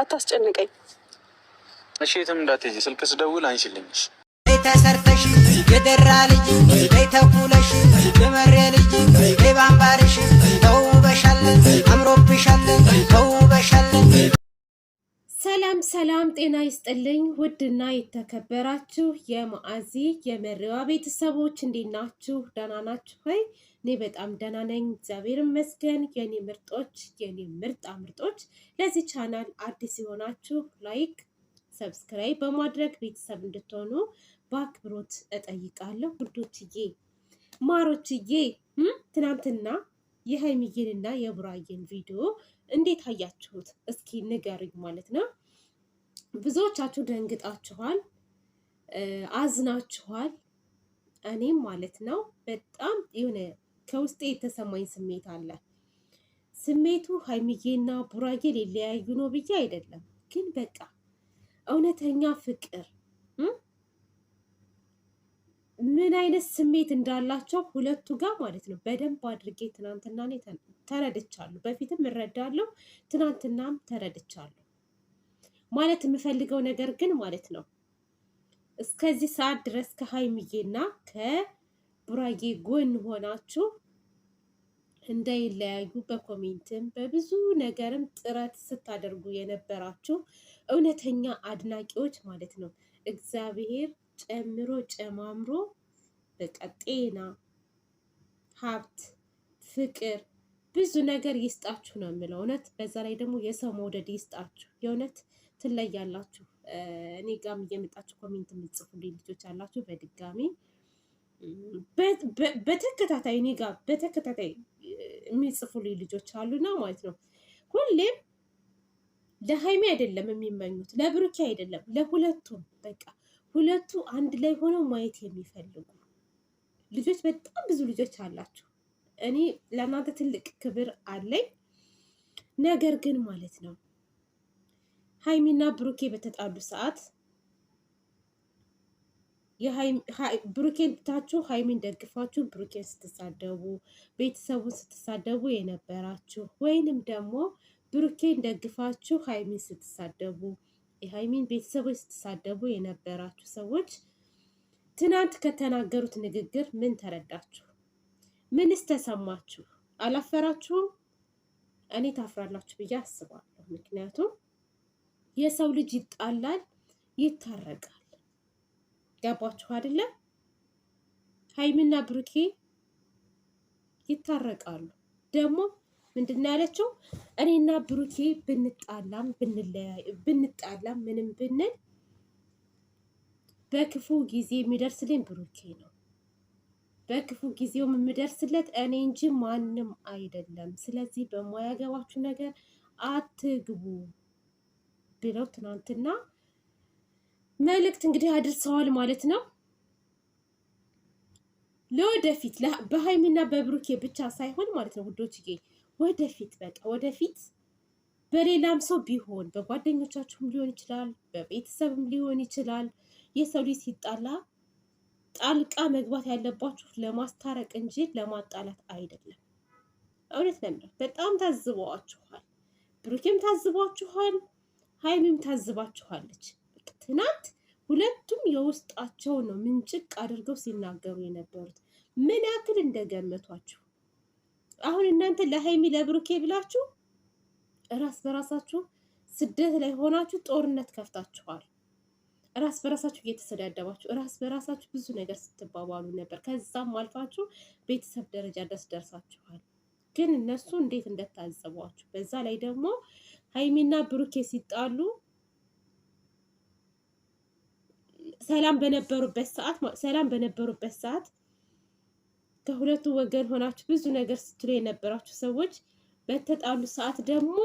አታስጨንቀኝ። እሺ፣ የትም እንዳትሄጂ ስልክ ስደውል አንሽልኝሽ። ተሰርተሽ የደራ ልጅ ተኩለሽ የመሬ ልጅ ባንባርሽ ተውበሻለን፣ አምሮብሻለን፣ ተውበሻለን። ሰላም ሰላም፣ ጤና ይስጥልኝ። ውድና የተከበራችሁ የማአዚ የመሪዋ ቤተሰቦች እንዴት ናችሁ? ደህና ናችሁ ሆይ? እኔ በጣም ደህና ነኝ፣ እግዚአብሔር ይመስገን። የኔ ምርጦች፣ የኔ ምርጣ ምርጦች፣ ለዚህ ቻናል አዲስ የሆናችሁ ላይክ፣ ሰብስክራይብ በማድረግ ቤተሰብ እንድትሆኑ በአክብሮት እጠይቃለሁ። ውዶችዬ፣ ማሮችዬ ትናንትና የሀይሚዬንና የቡራዬን ቪዲዮ እንዴት አያችሁት? እስኪ ንገሩኝ ማለት ነው። ብዙዎቻችሁ ደንግጣችኋል፣ አዝናችኋል። እኔም ማለት ነው በጣም የሆነ ከውስጤ የተሰማኝ ስሜት አለ። ስሜቱ ሀይሚዬና ቡራጌ ሊለያዩ ነው ብዬ አይደለም፣ ግን በቃ እውነተኛ ፍቅር ምን አይነት ስሜት እንዳላቸው ሁለቱ ጋር ማለት ነው በደንብ አድርጌ ትናንትና ተረድቻለሁ። በፊትም እረዳለሁ፣ ትናንትናም ተረድቻለሁ። ማለት የምፈልገው ነገር ግን ማለት ነው እስከዚህ ሰዓት ድረስ ከሀይሚዬና ከ ቡራዬ ጎን ሆናችሁ እንዳይለያዩ በኮሜንትም በብዙ ነገርም ጥረት ስታደርጉ የነበራችሁ እውነተኛ አድናቂዎች ማለት ነው። እግዚአብሔር ጨምሮ ጨማምሮ በቃ ጤና፣ ሀብት፣ ፍቅር ብዙ ነገር ይስጣችሁ ነው የምለው። እውነት በዛ ላይ ደግሞ የሰው መውደድ ይስጣችሁ። የእውነት ትለያላችሁ። እኔ ጋም እየመጣችሁ ኮሜንት የምጽፉልኝ ልጆች አላችሁ በድጋሚ በተከታታይ እኔ ጋር በተከታታይ የሚጽፉልኝ ልጆች አሉና ማለት ነው ሁሌም ለሀይሜ አይደለም የሚመኙት፣ ለብሩኬ አይደለም፣ ለሁለቱም በቃ ሁለቱ አንድ ላይ ሆነው ማየት የሚፈልጉ ልጆች በጣም ብዙ ልጆች አላችሁ። እኔ ለእናንተ ትልቅ ክብር አለኝ። ነገር ግን ማለት ነው ሀይሚና ብሩኬ በተጣሉ ሰዓት ብሩኬን ብታችሁ ሀይሚን ደግፋችሁ ብሩኬን ስትሳደቡ ቤተሰቡን ስትሳደቡ የነበራችሁ ወይንም ደግሞ ብሩኬን ደግፋችሁ ሀይሚን ስትሳደቡ የሀይሚን ቤተሰቦች ስትሳደቡ የነበራችሁ ሰዎች ትናንት ከተናገሩት ንግግር ምን ተረዳችሁ? ምንስ ተሰማችሁ? አላፈራችሁም? እኔ ታፍራላችሁ ብዬ አስባለሁ። ምክንያቱም የሰው ልጅ ይጣላል፣ ይታረቃል። ገባችሁ አይደለ? ሀይሚና ብሩኬ ይታረቃሉ። ደግሞ ምንድን ያለችው እኔና ብሩኬ ብንጣላም ብንጣላም ምንም ብንል በክፉ ጊዜ የሚደርስልኝ ብሩኬ ነው። በክፉ ጊዜውም የምደርስለት እኔ እንጂ ማንም አይደለም። ስለዚህ በማያገባችሁ ነገር አትግቡ ብለው ትናንትና መልእክት እንግዲህ አድርሰዋል ማለት ነው። ለወደፊት በሀይሚና በብሩኬ ብቻ ሳይሆን ማለት ነው ውዶችዬ፣ ወደፊት በቃ ወደፊት በሌላም ሰው ቢሆን በጓደኞቻችሁም ሊሆን ይችላል፣ በቤተሰብም ሊሆን ይችላል። የሰው ልጅ ሲጣላ ጣልቃ መግባት ያለባችሁ ለማስታረቅ እንጂ ለማጣላት አይደለም። እውነት ለምለም በጣም ታዝበዋችኋል፣ ብሩኬም ታዝቧችኋል፣ ሀይሚም ታዝባችኋለች። ትናንት ሁለቱም የውስጣቸው ነው ምንጭቅ አድርገው ሲናገሩ የነበሩት ምን ያክል እንደገመቷችሁ አሁን እናንተ ለሀይሚ ለብሩኬ ብላችሁ ራስ በራሳችሁ ስደት ላይ ሆናችሁ ጦርነት ከፍታችኋል። ራስ በራሳችሁ እየተሰዳደባችሁ፣ ራስ በራሳችሁ ብዙ ነገር ስትባባሉ ነበር። ከዛም አልፋችሁ ቤተሰብ ደረጃ ደስ ደርሳችኋል። ግን እነሱ እንዴት እንደታዘቧችሁ በዛ ላይ ደግሞ ሀይሚና ብሩኬ ሲጣሉ ሰላም በነበሩበት ሰዓት ሰላም በነበሩበት ሰዓት ከሁለቱ ወገን ሆናችሁ ብዙ ነገር ስትሉ የነበራችሁ ሰዎች በተጣሉ ሰዓት ደግሞ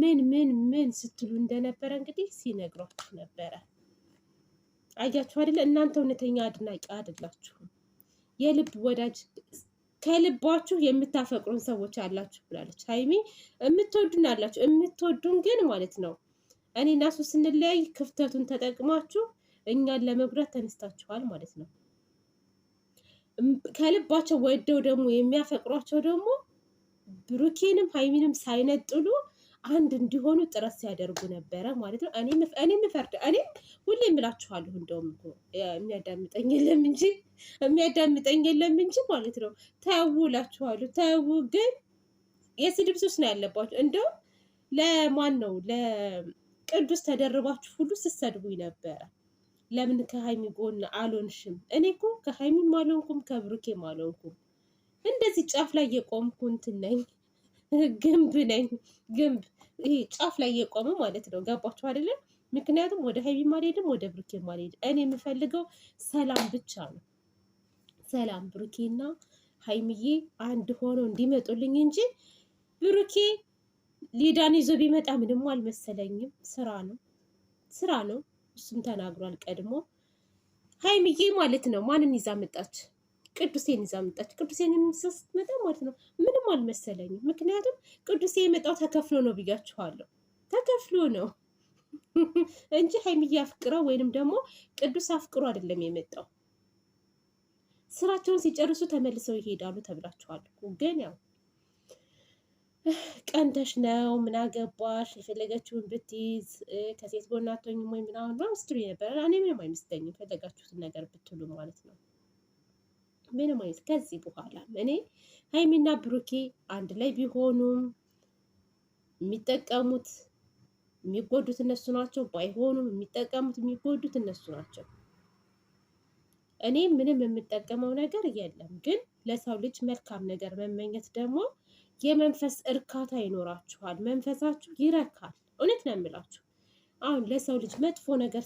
ምን ምን ምን ስትሉ እንደነበረ እንግዲህ ሲነግሯችሁ ነበረ። አያችሁ አይደለ? እናንተ እውነተኛ አድናቂ አይደላችሁም። የልብ ወዳጅ ከልባችሁ የምታፈቅሩን ሰዎች አላችሁ ብላለች ሀይሚ። የምትወዱን አላችሁ፣ የምትወዱን ግን ማለት ነው እኔ እና እሱ ስንለያይ ክፍተቱን ተጠቅማችሁ እኛን ለመጉዳት ተነስታችኋል ማለት ነው። ከልባቸው ወደው ደግሞ የሚያፈቅሯቸው ደግሞ ብሩኬንም ሀይሚንም ሳይነጥሉ አንድ እንዲሆኑ ጥረት ሲያደርጉ ነበረ ማለት ነው። እኔም ፈርድ እኔም ሁሌ የምላችኋለሁ እንደውም እኮ የሚያዳምጠኝ የለም እንጂ የሚያዳምጠኝ የለም እንጂ ማለት ነው። ተው እላችኋለሁ፣ ተው ግን የስድብ ሱስ ነው ያለባችሁ። እንደውም ለማን ነው ለቅዱስ ተደርባችሁ ሁሉ ስሰድቡኝ ነበረ። ለምን ከሀይሚ ጎን አልሆንሽም? እኔ እኮ ከሀይሚም አልሆንኩም ከብሩኬም አልሆንኩም። እንደዚህ ጫፍ ላይ የቆምኩ እንትን ነኝ፣ ግንብ ነኝ። ግንብ ይሄ ጫፍ ላይ የቆመ ማለት ነው። ገባችሁ አይደለም? ምክንያቱም ወደ ሀይሚም አልሄድም፣ ወደ ብሩኬም አልሄድም። እኔ የምፈልገው ሰላም ብቻ ነው። ሰላም ብሩኬና ሀይሚዬ አንድ ሆኖ እንዲመጡልኝ እንጂ ብሩኬ ሊዳን ይዞ ቢመጣ ምንም አልመሰለኝም። ስራ ነው ስራ ነው እሱም ተናግሯል ቀድሞ። ሀይምዬ ማለት ነው ማንን ይዛ መጣች? ቅዱሴን ይዛ መጣች። ቅዱሴን ስትመጣ ማለት ነው ምንም አልመሰለኝም። ምክንያቱም ቅዱሴ የመጣው ተከፍሎ ነው ብያችኋለሁ። ተከፍሎ ነው እንጂ ሀይምዬ አፍቅረው ወይንም ደግሞ ቅዱስ አፍቅሮ አይደለም የመጣው። ስራቸውን ሲጨርሱ ተመልሰው ይሄዳሉ ተብላችኋል። ግን ያው ቀንተሽ ነው ምን አገባሽ የፈለገችውን ብትይዝ ከሴት ጎን አትሆኝም ወይ ምናምን ብላ ስትሉ ነበረ። እኔ ምንም አይመስለኝም የፈለጋችሁትን ነገር ብትሉ ማለት ነው። ምንም አይነት ከዚህ በኋላ እኔ ሀይሚና ብሩኬ አንድ ላይ ቢሆኑም የሚጠቀሙት የሚጎዱት እነሱ ናቸው። ባይሆኑም የሚጠቀሙት የሚጎዱት እነሱ ናቸው። እኔ ምንም የምጠቀመው ነገር የለም። ግን ለሰው ልጅ መልካም ነገር መመኘት ደግሞ የመንፈስ እርካታ ይኖራችኋል። መንፈሳችሁ ይረካል። እውነት ነው የምላችሁ። አሁን ለሰው ልጅ መጥፎ ነገር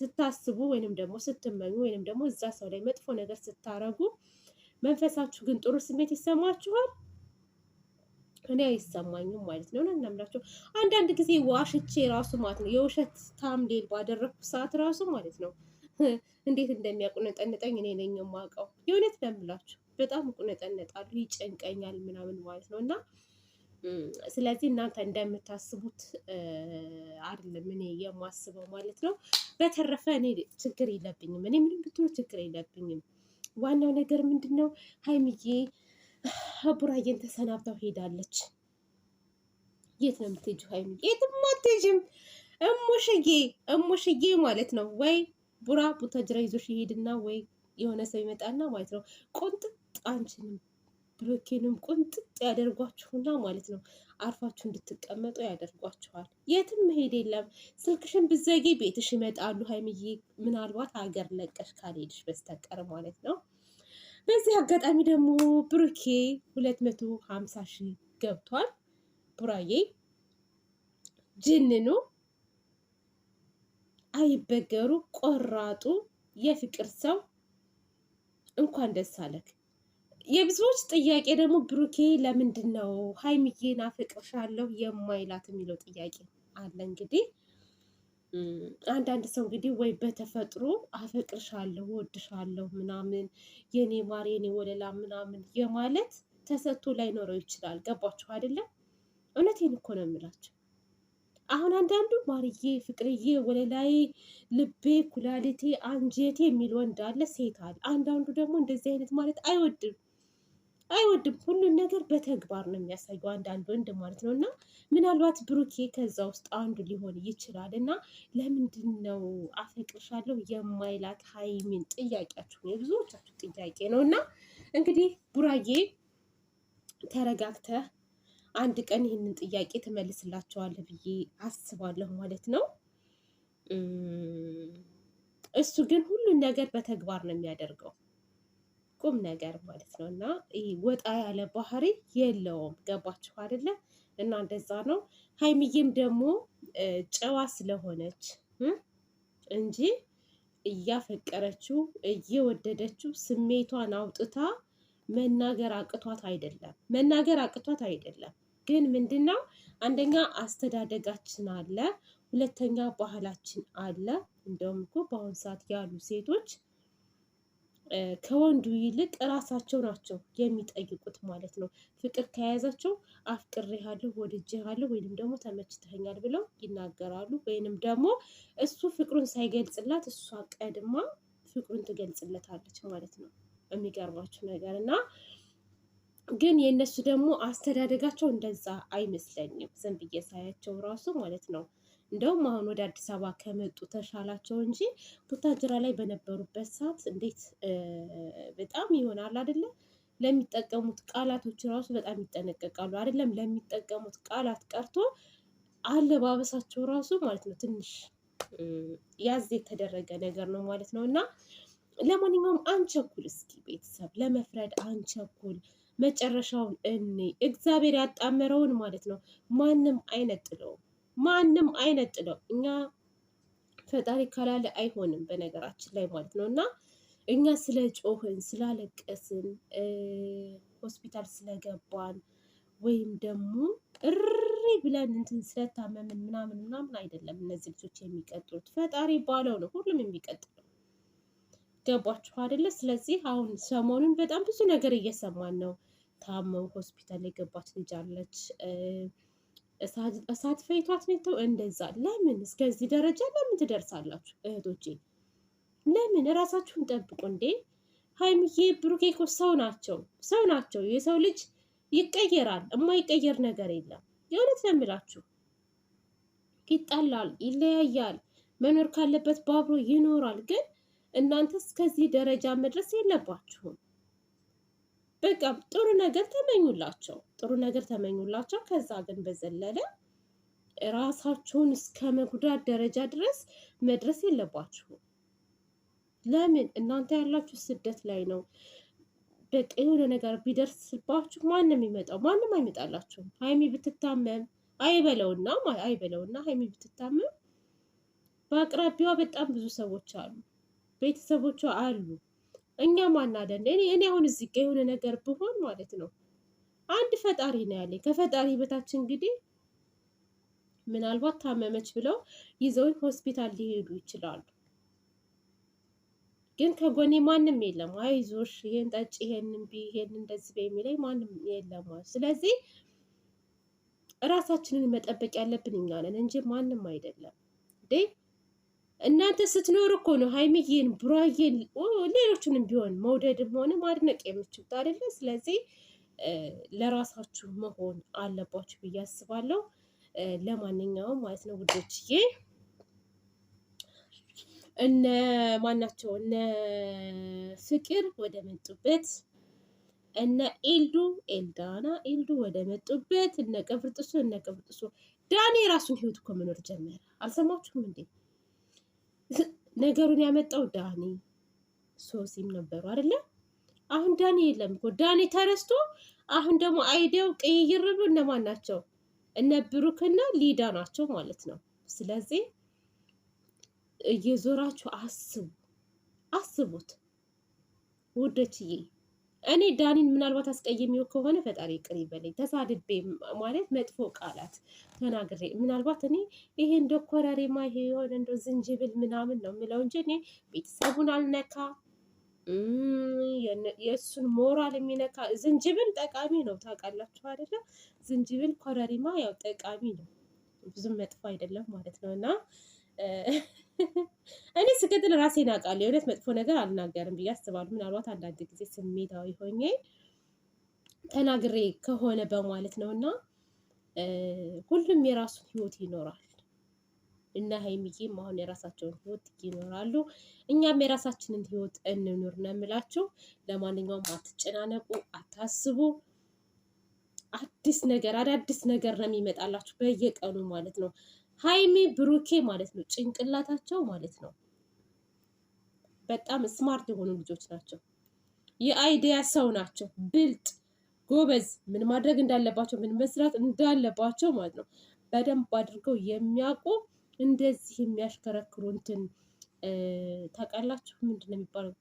ስታስቡ ወይንም ደግሞ ስትመኙ ወይንም ደግሞ እዛ ሰው ላይ መጥፎ ነገር ስታረጉ መንፈሳችሁ ግን ጥሩ ስሜት ይሰማችኋል? እኔ አይሰማኝም ማለት ነው። እውነት ነው የምላችሁ። አንዳንድ ጊዜ ዋሽቼ ራሱ ማለት ነው የውሸት ታምሌል ባደረግኩ ሰዓት ራሱ ማለት ነው እንዴት እንደሚያቁነጠንጠኝ እኔ ነኝ የማውቀው። የእውነት ነው የምላችሁ በጣም ቁነጠነጣሉ፣ ይጨንቀኛል ምናምን ማለት ነው እና ስለዚህ እናንተ እንደምታስቡት አይደለም እኔ የማስበው ማለት ነው። በተረፈ እኔ ችግር የለብኝም፣ እኔ ምንም ብትሆን ችግር የለብኝም። ዋናው ነገር ምንድን ነው? ሀይሚዬ ቡራዬን ተሰናብታው ሄዳለች። የት ነው የምትሄጂው ሀይሚዬ? የትም አትሄጂም። እሙሽዬ እሙሽዬ ማለት ነው ወይ ቡራ ቡታጅራ ይዞሽ ይሄድና ወይ የሆነ ሰው ይመጣና ማለት ነው ቁንጥም አንቺንም ብሩኬንም ቁንጥጥ ያደርጓችሁና ማለት ነው አርፋችሁ እንድትቀመጡ ያደርጓችኋል። የትም መሄድ የለም። ስልክሽን ብዘጌ ቤትሽ ይመጣሉ። ሀይምዬ ምናልባት ሀገር ለቀሽ ካልሄድሽ በስተቀር ማለት ነው። በዚህ አጋጣሚ ደግሞ ብሩኬ ሁለት መቶ ሀምሳ ሺህ ገብቷል። ቡራዬ ጅንኑ አይበገሩ ቆራጡ የፍቅር ሰው እንኳን ደስ አለክ። የብዙዎች ጥያቄ ደግሞ ብሩኬ ለምንድን ነው ሀይሚዬን አፍቅርሻለሁ የማይላት የሚለው ጥያቄ አለ። እንግዲህ አንዳንድ ሰው እንግዲህ ወይ በተፈጥሮ አፈቅርሻለሁ፣ ወድሻለሁ ምናምን የኔ ማር የኔ ወለላ ምናምን የማለት ተሰጥቶ ላይኖረው ይችላል። ገባችሁ አይደለም? እውነቴን እኮ ነው የምላቸው። አሁን አንዳንዱ ማርዬ፣ ፍቅርዬ፣ ወለላዬ፣ ልቤ፣ ኩላሊቴ፣ አንጀቴ የሚል ወንድ አለ፣ ሴት አለ። አንዳንዱ ደግሞ እንደዚህ አይነት ማለት አይወድም። አይወድም። ሁሉን ነገር በተግባር ነው የሚያሳየው አንዳንድ ወንድ ማለት ነው። እና ምናልባት ብሩኬ ከዛ ውስጥ አንዱ ሊሆን ይችላል። እና ለምንድን ነው አፈቅርሻለሁ የማይላት ሀይሚን? ጥያቄያችሁ ነው፣ የብዙዎቻችሁ ጥያቄ ነው። እና እንግዲህ ቡራዬ ተረጋግተህ አንድ ቀን ይህንን ጥያቄ ትመልስላቸዋለህ ብዬ አስባለሁ ማለት ነው። እሱ ግን ሁሉን ነገር በተግባር ነው የሚያደርገው። ቁም ነገር ማለት ነው። እና ወጣ ያለ ባህሪ የለውም። ገባችሁ አይደለ? እና እንደዛ ነው። ሀይሚዬም ደግሞ ጨዋ ስለሆነች እንጂ እያፈቀረችው እየወደደችው ስሜቷን አውጥታ መናገር አቅቷት አይደለም። መናገር አቅቷት አይደለም። ግን ምንድን ነው አንደኛ አስተዳደጋችን አለ፣ ሁለተኛ ባህላችን አለ። እንደውም እኮ በአሁኑ ሰዓት ያሉ ሴቶች ከወንዱ ይልቅ ራሳቸው ናቸው የሚጠይቁት ማለት ነው። ፍቅር ከያዛቸው አፍቅሬሃለሁ፣ ወድጄሃለሁ ወይንም ደግሞ ተመችተኛል ብለው ይናገራሉ። ወይንም ደግሞ እሱ ፍቅሩን ሳይገልጽላት እሷ ቀድማ ፍቅሩን ትገልጽለታለች ማለት ነው። የሚገርማችሁ ነገር እና ግን የእነሱ ደግሞ አስተዳደጋቸው እንደዛ አይመስለኝም። ዝም ብዬ ሳያቸው ራሱ ማለት ነው እንደውም አሁን ወደ አዲስ አበባ ከመጡ ተሻላቸው እንጂ ቡታጅራ ላይ በነበሩበት ሰዓት እንዴት በጣም ይሆናል አይደለም። ለሚጠቀሙት ቃላቶች ራሱ በጣም ይጠነቀቃሉ። አይደለም ለሚጠቀሙት ቃላት ቀርቶ አለባበሳቸው ራሱ ማለት ነው ትንሽ ያዝ የተደረገ ነገር ነው ማለት ነው። እና ለማንኛውም አንቸኩል፣ እስኪ ቤተሰብ ለመፍረድ አንቸኩል። መጨረሻውን እኔ እግዚአብሔር ያጣመረውን ማለት ነው ማንም አይነጥለውም። ማንም ነው እኛ ፈጣሪ ካላለ አይሆንም፣ በነገራችን ላይ ማለት ነው። እና እኛ ስለ ጮህን ስላለቀስን፣ ሆስፒታል ስለገባን ወይም ደግሞ እሪ ብለን እንትን ስለታመምን ምናምን ምናምን አይደለም እነዚህ ልጆች የሚቀጥሉት። ፈጣሪ ባለው ነው ሁሉም የሚቀጥለው። ገባችሁ አይደለ? ስለዚህ አሁን ሰሞኑን በጣም ብዙ ነገር እየሰማን ነው። ታመው ሆስፒታል የገባች ልጅ አለች። እሳት ፈይቷት ነተው እንደዛ። ለምን እስከዚህ ደረጃ ለምን ትደርሳላችሁ እህቶቼ? ለምን እራሳችሁን ጠብቁ እንዴ። ሀይሚዬ ብሩኬ እኮ ሰው ናቸው፣ ሰው ናቸው። የሰው ልጅ ይቀየራል፣ የማይቀየር ነገር የለም። የእውነት ነው የምላችሁ። ይጣላል፣ ይለያያል፣ መኖር ካለበት በአብሮ ይኖራል። ግን እናንተ እስከዚህ ደረጃ መድረስ የለባችሁም። በቃ ጥሩ ነገር ተመኙላቸው፣ ጥሩ ነገር ተመኙላቸው። ከዛ ግን በዘለለ ራሳችሁን እስከ መጉዳት ደረጃ ድረስ መድረስ የለባችሁም። ለምን እናንተ ያላችሁ ስደት ላይ ነው። በቃ የሆነ ነገር ቢደርስባችሁ ማንም ይመጣው ማንም አይመጣላችሁም። ሀይሚ ብትታመም አይበለውና አይበለውና ሀይሚ ብትታመም በአቅራቢያዋ በጣም ብዙ ሰዎች አሉ፣ ቤተሰቦቿ አሉ። እኛ ማን አለን? እኔ እኔ አሁን እዚህ ጋ የሆነ ነገር ብሆን ማለት ነው አንድ ፈጣሪ ነው ያለኝ። ከፈጣሪ በታች እንግዲህ ምናልባት ታመመች ብለው ይዘውኝ ሆስፒታል ሊሄዱ ይችላሉ። ግን ከጎኔ ማንም የለም። አይዞሽ፣ ይሄን ጠጭ፣ ይሄን እምቢ፣ ይሄን እንደዚህ በሚለኝ ማንም የለም። ስለዚህ እራሳችንን መጠበቅ ያለብን እኛ ነን እንጂ ማንም አይደለም። እንዴ እናንተ ስትኖር እኮ ነው ሀይሚዬን ብሯዬን ሌሎችንም ቢሆን መውደድም ሆነ ማድነቅ የምችሉት አይደለ? ስለዚህ ለራሳችሁ መሆን አለባችሁ ብዬ አስባለሁ። ለማንኛውም ማለት ነው ውዶችዬ እነ ማናቸው እነ ፍቅር ወደ መጡበት እነ ኤልዱ ኤልዳና ኤልዱ ወደ መጡበት እነ ቅብርጥሱ እነ ቅብርጥሱ ዳኔ የራሱን ህይወት እኮ መኖር ጀመረ። አልሰማችሁም እንዴ? ነገሩን ያመጣው ዳኒ ሶሲም ነበሩ አይደለ? አሁን ዳኒ የለም እኮ ዳኒ ተረስቶ፣ አሁን ደግሞ አይዲያው ቅይይር ብሎ እነማን ናቸው? እነ ብሩክና ሊዳ ናቸው ማለት ነው። ስለዚህ እየዞራችሁ አስቡ፣ አስቡት ውዶችዬ። እኔ ዳኒን ምናልባት አስቀይሜው ከሆነ ፈጣሪ ቅር ይበለኝ። ተሳድቤ ማለት መጥፎ ቃላት ተናግሬ ምናልባት እኔ ይሄ እንደ ኮረሪማ ይሄ የሆነ እንደ ዝንጅብል ምናምን ነው የምለው እንጂ እኔ ቤተሰቡን አልነካ የእሱን ሞራል የሚነካ ዝንጅብል ጠቃሚ ነው። ታውቃላችሁ አይደለ? ዝንጅብል ኮረሪማ ያው ጠቃሚ ነው፣ ብዙም መጥፎ አይደለም ማለት ነው እና እኔ ስገድል ራሴን አውቃለሁ። የእውነት መጥፎ ነገር አልናገርም ብዬ አስባለሁ። ምናልባት አንዳንድ ጊዜ ስሜታዊ ሆኜ ተናግሬ ከሆነ በማለት ነው እና ሁሉም የራሱን ህይወት ይኖራል እና ሀይሚዬም አሁን የራሳቸውን ህይወት ይኖራሉ። እኛም የራሳችንን ህይወት እንኑር ነው የምላችሁ። ለማንኛውም አትጨናነቁ፣ አታስቡ። አዲስ ነገር አዳዲስ ነገር ነው የሚመጣላችሁ በየቀኑ ማለት ነው። ሀይሚ ብሩኬ ማለት ነው። ጭንቅላታቸው ማለት ነው በጣም ስማርት የሆኑ ልጆች ናቸው። የአይዲያ ሰው ናቸው። ብልጥ ጎበዝ፣ ምን ማድረግ እንዳለባቸው ምን መስራት እንዳለባቸው ማለት ነው በደንብ አድርገው የሚያውቁ እንደዚህ የሚያሽከረክሩ እንትን ታውቃላችሁ፣ ምንድን ነው የሚባለው?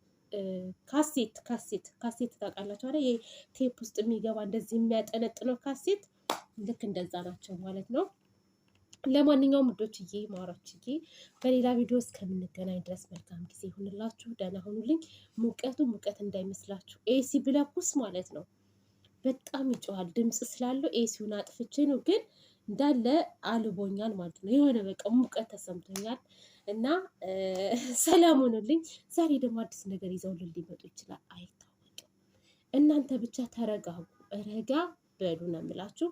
ካሴት ካሴት ካሴት ታውቃላችሁ አይደል? ቴፕ ውስጥ የሚገባ እንደዚህ የሚያጠነጥነው ካሴት ልክ እንደዛ ናቸው ማለት ነው። ለማንኛውም ውዶችዬ ማሮችዬ በሌላ ቪዲዮ እስከምንገናኝ ድረስ መልካም ጊዜ ይሁንላችሁ። ደህና ሁኑልኝ። ሙቀቱ ሙቀት እንዳይመስላችሁ ኤሲ ብለኩስ ማለት ነው። በጣም ይጮሃል ድምፅ ስላለው ኤሲውን አጥፍቼ ነው ግን እንዳለ አልቦኛል ማለት ነው። የሆነ በቃ ሙቀት ተሰምቶኛል እና ሰላም ሆኑልኝ። ዛሬ ደግሞ አዲስ ነገር ይዘውልን ሊመጡ ይችላል አይታወቅም። እናንተ ብቻ ተረጋጉ፣ ረጋ በሉ ነው የምላችሁ።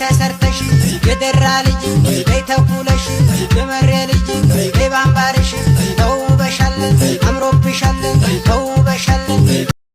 ተሰርተሽ የደራ ልጅ ተኩለሽ የመሬ ልጅ በይ ባምባርሽ ተውበሻለን